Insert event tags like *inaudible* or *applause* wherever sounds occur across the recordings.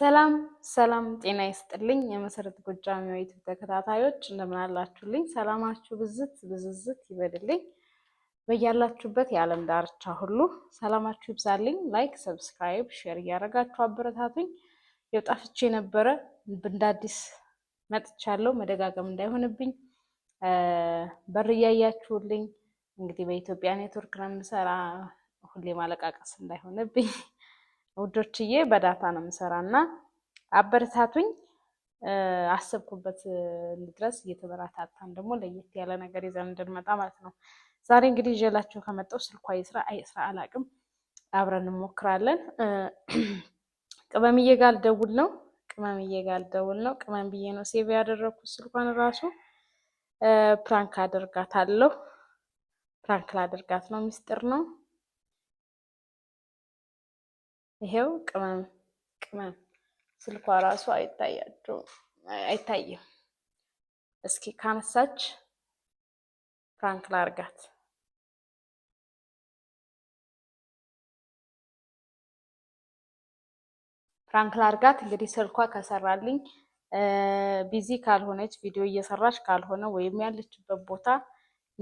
ሰላም ሰላም፣ ጤና ይስጥልኝ የመሰረት ጎጃም ዩቲዩብ ተከታታዮች እንደምን አላችሁልኝ? ሰላማችሁ ብዝት ብዝዝት ይበድልኝ። በያላችሁበት የዓለም ዳርቻ ሁሉ ሰላማችሁ ይብዛልኝ። ላይክ፣ ሰብስክራይብ፣ ሼር እያደረጋችሁ አበረታቱኝ። የውጣፍቼ የነበረ እንደ አዲስ መጥቻለሁ። መደጋገም እንዳይሆንብኝ በር እያያችሁልኝ እንግዲህ በኢትዮጵያ ኔትወርክ ነው የምሰራ። ሁሌ ማለቃቀስ እንዳይሆንብኝ ውዶችዬ በዳታ ነው የምሰራ እና አበረታቱኝ። አሰብኩበት ድረስ እየተበረታታን ደግሞ ለየት ያለ ነገር ይዘን እንድንመጣ ማለት ነው። ዛሬ እንግዲህ ይዤላችሁ ከመጣሁ ስልኳ ይስራ አይስራ አላቅም፣ አብረን እንሞክራለን። ቅመምዬ ጋር ልደውል ነው፣ ቅመምዬ ጋር ልደውል ነው። ቅመም ብዬ ነው ሴቭ ያደረግኩት ስልኳን ራሱ ፕራንክ አደርጋታለሁ። ፕራንክ ላደርጋት ነው፣ ሚስጥር ነው። ይሄው ቅመም ቅመም ስልኳ ራሱ አይታያቸው አይታይም። እስኪ ካነሳች ፍራንክ ላርጋት። ፍራንክ ላርጋት እንግዲህ ስልኳ ከሰራልኝ ቢዚ ካልሆነች ቪዲዮ እየሰራች ካልሆነ ወይም ያለችበት ቦታ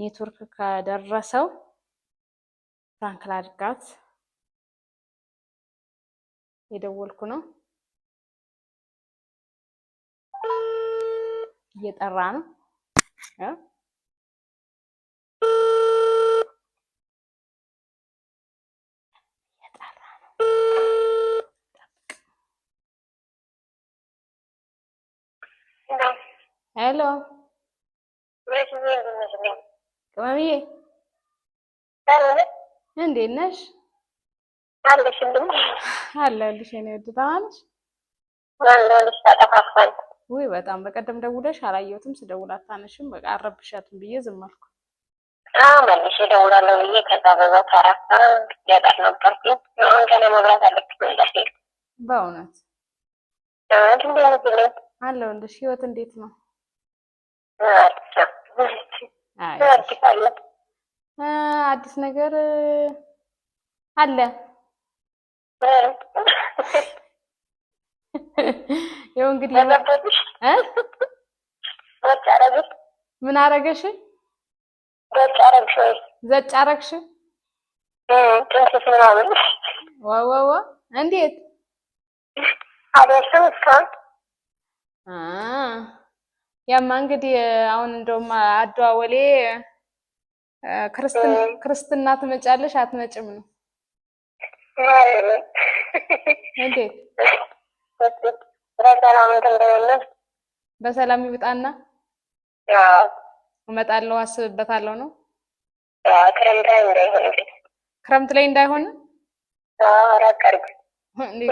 ኔትወርክ ከደረሰው ፍራንክ ላርጋት። የደወልኩ ነው። እየጠራ ነው። ሄሎ ቅመምዬ እንዴት ነሽ? አለሽልም አለልሽ የእኔ ውድ ደህና ተጠፋፋል። ውይ በጣም በቀደም ደውለሽ አላየሁትም። ስደውል አታነሽም። በቃ አረብሻትም ብዬ ዝም አልኩ። መልሼ እደውላለሁ ብዬ ከዛ ነበርኩ። አሁን ገና መብራት አለብኝ በእውነት እንዴት አለው። ህይወት እንዴት ነው? አዲስ ነገር አለ *laughs* ይኸው እንግዲህ ምን አረገሽ? ዘጭ አረግሽ? ጥንስስ እንዴት ያማ እንግዲህ አሁን እንደውም አደዋወሌ ክርስትና ትመጫለሽ አትመጭም ነው እንዴት በሰላም ይውጣና እመጣለሁ፣ አስብበታለሁ ነው ክረምት ላይ እንዳይሆን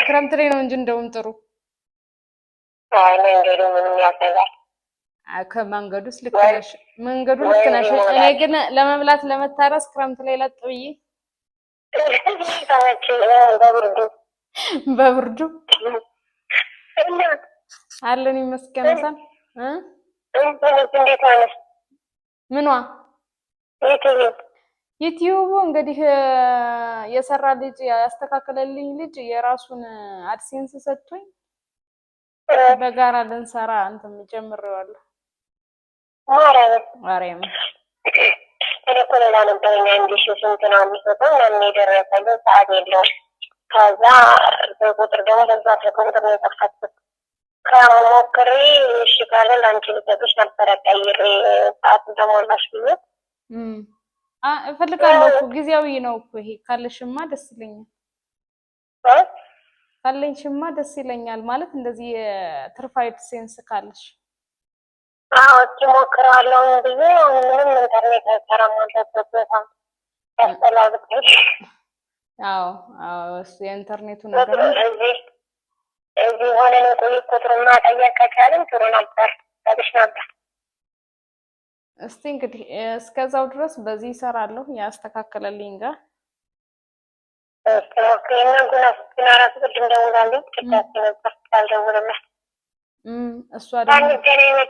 ክረምት ላይ ነው እንጂ እንደውም ጥሩ ከመንገዱስ ልክ ነሽ፣ መንገዱ ልክ ነሽ። እኔ ግን ለመብላት ለመታረስ ክረምት ላይ ለጥ ብዬ በብርዱ አለን ይመስገነሳል። ምኗ ዩቲዩቡ እንግዲህ የሰራ ልጅ ያስተካከለልኝ ልጅ የራሱን አድሴንስ ሰጥቶኝ በጋራ ልንሰራ እንትን ጀምሬዋለሁ። ማርያም እኔ እኮ ሌላ ነበር እንግሊሽ ስንት ነው የሚሰጠው ምናምን የደረሰልን ሰዓት የለውም። ከዛ በቁጥር ደግሞ በዛ በቁጥር ነው የጠፋበት። ከሞክሪ እሺ ካለ ለአንቺ ልሰጥሽ ነበረ ቀይሬ ሰዓት እንደሞላሽ ብዬ እፈልጋለሁ እኮ ጊዜያዊ ነው እኮ ይሄ ካለሽማ ደስ ይለኛል። ካለኝሽማ ደስ ይለኛል ማለት እንደዚህ የትርፋይድ ሴንስ ካለሽ አዎት ሞክረዋለሁ ብዬ ምንም ኢንተርኔት አይሰራም አልደበበታም ያስተላልቅ አዎ አዎ የኢንተርኔቱ ነገር እዚህ ጥሩ ነበር ጠብሽ ነበር እስቲ እንግዲህ እስከዛው ድረስ በዚህ ይሰራለሁ ያስተካከለልኝ ጋር ጉና ነበር እሷ ደግሞ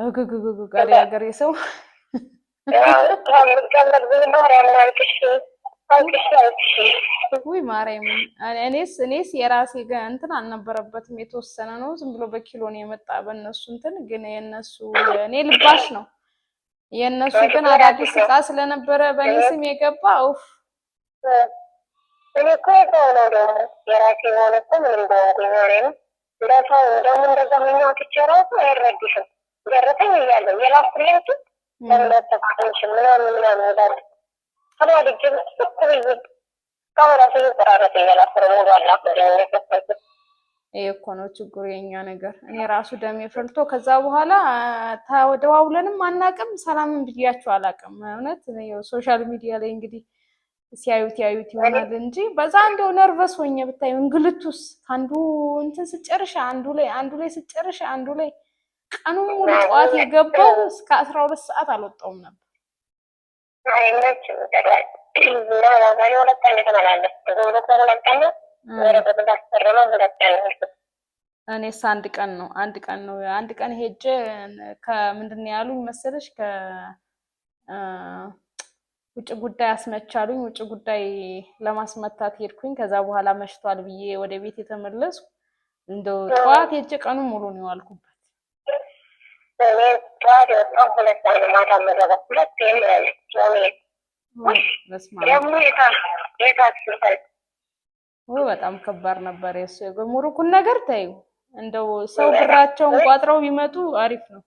የሀገሬ ሰው ውይ ማርያም፣ እኔስ እኔስ የራሴ እንትን አልነበረበትም። የተወሰነ ነው ዝም ብሎ በኪሎ ነው የመጣ በእነሱ እንትን። ግን የእነሱ እኔ ልባሽ ነው የእነሱ ግን አዳዲስ እቃ ስለነበረ በእኔ ስም የገባ ውፍ ነው ምንም ነው ደረሰኝ እያለሁ የላኩለት ለተፋሽ ምናምን ምናምን ይላሉ። ተናድጄ ስት ብዬ ከሁራሴ እየተራረጠ እያላፍረ ሙሉ አላፈረ የከፈልኩ ይህ እኮ ነው ችግሩ፣ የኛ ነገር። እኔ ራሱ ደሜ ፈልቶ ከዛ በኋላ ተደዋውለንም አናቅም፣ ሰላምን ብያችሁ አላቅም። እውነት ሶሻል ሚዲያ ላይ እንግዲህ ሲያዩት ያዩት ይሆናል እንጂ በዛ እንደው ነርቨስ ሆኜ ብታዩ እንግልቱስ፣ አንዱ እንትን ስጨርሻ አንዱ ላይ አንዱ ላይ ስጨርሻ አንዱ ላይ ቀኑ ሙሉ ጠዋት የገባው እስከ አስራ ሁለት ሰዓት አልወጣውም ነበር። እኔስ አንድ ቀን ነው አንድ ቀን ነው አንድ ቀን ሄጄ ከምንድን ነው ያሉኝ መሰለሽ ውጭ ጉዳይ አስመቻሉኝ። ውጭ ጉዳይ ለማስመታት ሄድኩኝ። ከዛ በኋላ መሽቷል ብዬ ወደ ቤት የተመለስኩ እንደው ጠዋት ሄጄ ቀኑ ሙሉ ነው ያልኩበት እኔ ጠዋት የወጣው ሁለት ሰዓት ማታ በጣም ከባድ ነበር። የሱ የጉምሩኩን ነገር ታዩ። እንደው ሰው ብራቸውን ቋጥረው ቢመጡ አሪፍ ነው።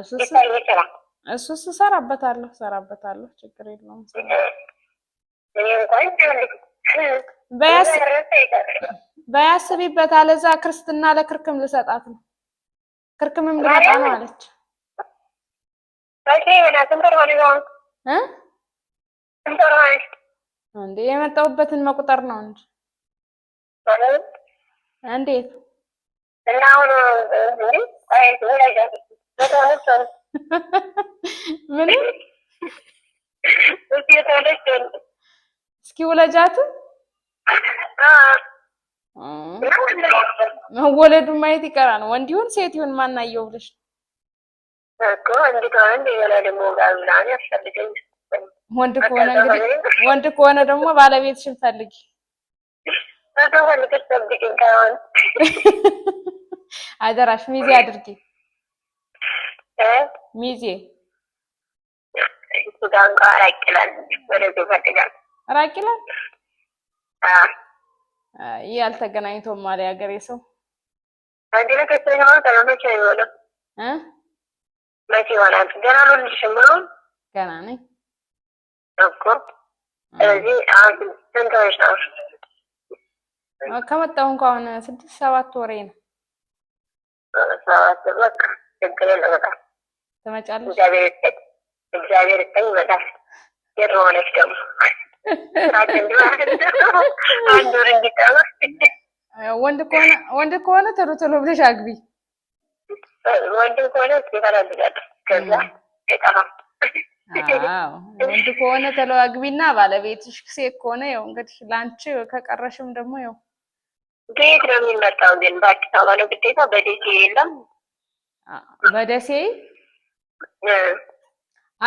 እሱ እሱስ እሰራበታለሁ እሰራበታለሁ ችግር የለውም። በያስቢበት አለዛ ክርስትና ለክርክም ልሰጣት ነው። ክርክምም ልመጣ ነው አለች። እንዴ የመጣሁበትን መቁጠር ነው እንጂ እንዴት *laughs* ምንም እስኪ ውለጃት መወለዱን ማየት ይቀራል። ወንድ ይሁን ሴት ይሁን ማናየው ብለሽ ወንድ ከሆነ እንግዲህ ወንድ ከሆነ ደግሞ ባለቤትሽን ፈልጊ። አደራሽ ሚዜ አድርጊ። ሚዜ እሱ ጋር እንኳ ራቅ ይላል። ወደዚህ ራቅ ይላል። ይህ ማለ ሀገሬ ሰው መቼ ይሆናል? ገና ነው ልጅሽም ብሎ ገና ነኝ እኮ ስለዚህ አሁን ስንት ነው? ከመጣሁ እንኳ አሁን ስድስት ሰባት ወሬ ነው። ሰባት በቃ ችግር የለም በጣም ትመጫለሽ። ወንድ ከሆነ ቶሎ ቶሎ ብለሽ አግቢ። ወንድ ከሆነ ወንድ ከሆነ ቶሎ አግቢና ባለቤትሽ፣ ሴት ከሆነ ያው እንግዲህ ለአንቺ ከቀረሽም ደግሞ ያው ቤት ነው የሚመጣው። ግን በአዲስ አበባ ነው ግዴታ። በደሴ የለም በደሴ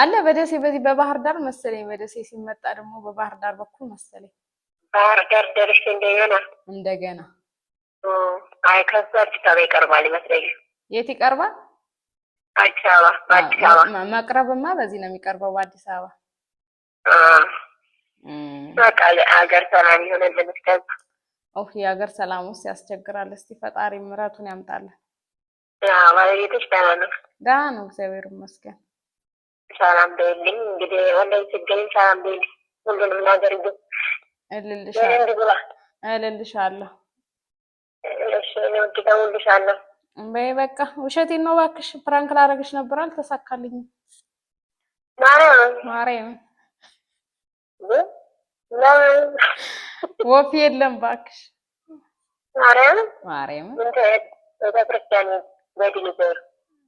አለ በደሴ በዚህ በባህር ዳር መሰለኝ። በደሴ ሲመጣ ደግሞ በባህር ዳር በኩል መሰለኝ። ባህር ዳር ደርሽ እንደገና እንደገና አይ ከዛ አዲስ አበባ ይቀርባል ይመስለኛል። የት ይቀርባል? አዲስ አበባ በአዲስ አበባ መቅረብማ በዚህ ነው የሚቀርበው። በአዲስ አበባ በቃ ሀገር ሰላም የሆነ ኦህ የሀገር ሰላም ውስጥ ያስቸግራል። እስቲ ፈጣሪ ምሕረቱን ያምጣለን። ባለቤቶች ደህና ነው? ደህና ነው፣ እግዚአብሔር ይመስገን። ሰላም በይልኝ። እንግዲህ ሰላም ሁሉንም ነገር ግን እልልሻለሁ። እደውልልሻለሁ። በይ በቃ ውሸቴን ነው እባክሽ። ፕራንክ ላደርግሽ ነበር አልተሳካልኝም። ወፍ የለም እባክሽ። ቤተክርስቲያን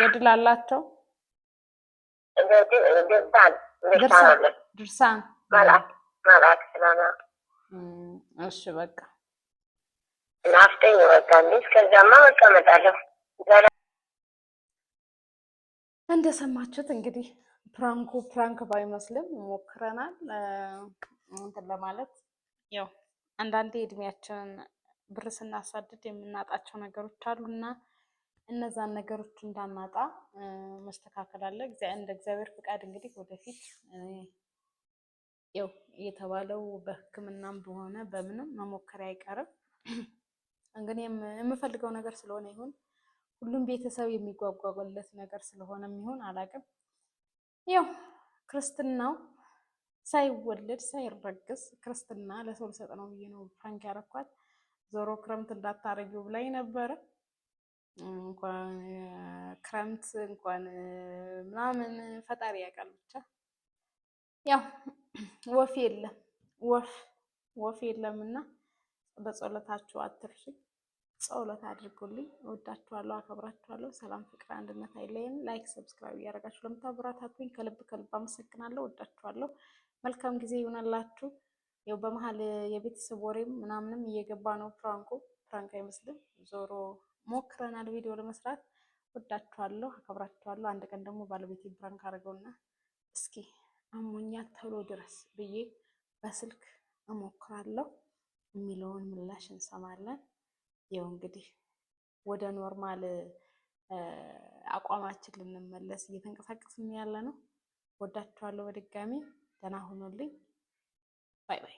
ገድል አላቸው። ድርሳን እሺ፣ በቃ ናፍጠኝ በቃ ከዛማ በቃ እመጣለሁ። እንደሰማችሁት እንግዲህ ፕራንኩ ፕራንክ ባይመስልም ሞክረናል እንትን ለማለት ያው አንዳንዴ እድሜያችንን ብር ስናሳድድ የምናጣቸው ነገሮች አሉ እና እነዛን ነገሮች እንዳናጣ መስተካከል አለ። እንደ እግዚአብሔር ፍቃድ እንግዲህ ወደፊት ያው የተባለው በሕክምናም በሆነ በምንም መሞከር አይቀርም። እንግዲህ የምፈልገው ነገር ስለሆነ ይሁን ሁሉም ቤተሰብ የሚጓጓለት ነገር ስለሆነ የሚሆን አላቅም። ያው ክርስትናው ሳይወለድ ሳይረግስ ክርስትና ለሰው ልሰጥ ነው ብዬ ነው ፕራንክ ያረኳት። ዞሮ ክረምት እንዳታረጊው ብላኝ ነበረ። እንኳን ክረምት እንኳን ምናምን ፈጣሪ ያውቃል። ብቻ ያው ወፍ የለም ወፍ ወፍ የለም እና በጸሎታችሁ አትርሱኝ፣ ጸሎት አድርጉልኝ። እወዳችኋለሁ፣ አከብራችኋለሁ። ሰላም፣ ፍቅር፣ አንድነት አይለይም። ላይክ፣ ሰብስክራይብ እያደረጋችሁ ለምታብራታቱኝ ከልብ ከልብ አመሰግናለሁ። እወዳችኋለሁ። መልካም ጊዜ ይሆናላችሁ። ያው በመሀል የቤተሰብ ወሬም ምናምንም እየገባ ነው። ፍራንኮ ፍራንክ አይመስልም ዞሮ ሞክረናል ቪዲዮ ለመስራት። ወዳችኋለሁ፣ አከብራችኋለሁ። አንድ ቀን ደግሞ ባለቤቴ ብራንክ አድርገውና እስኪ አሞኛል ቶሎ ድረስ ብዬ በስልክ እሞክራለሁ የሚለውን ምላሽ እንሰማለን። ይኸው እንግዲህ ወደ ኖርማል አቋማችን ልንመለስ እየተንቀሳቀስን ያለ ነው። ወዳችኋለሁ በድጋሚ ደህና ሁኑልኝ። ባይ ባይ።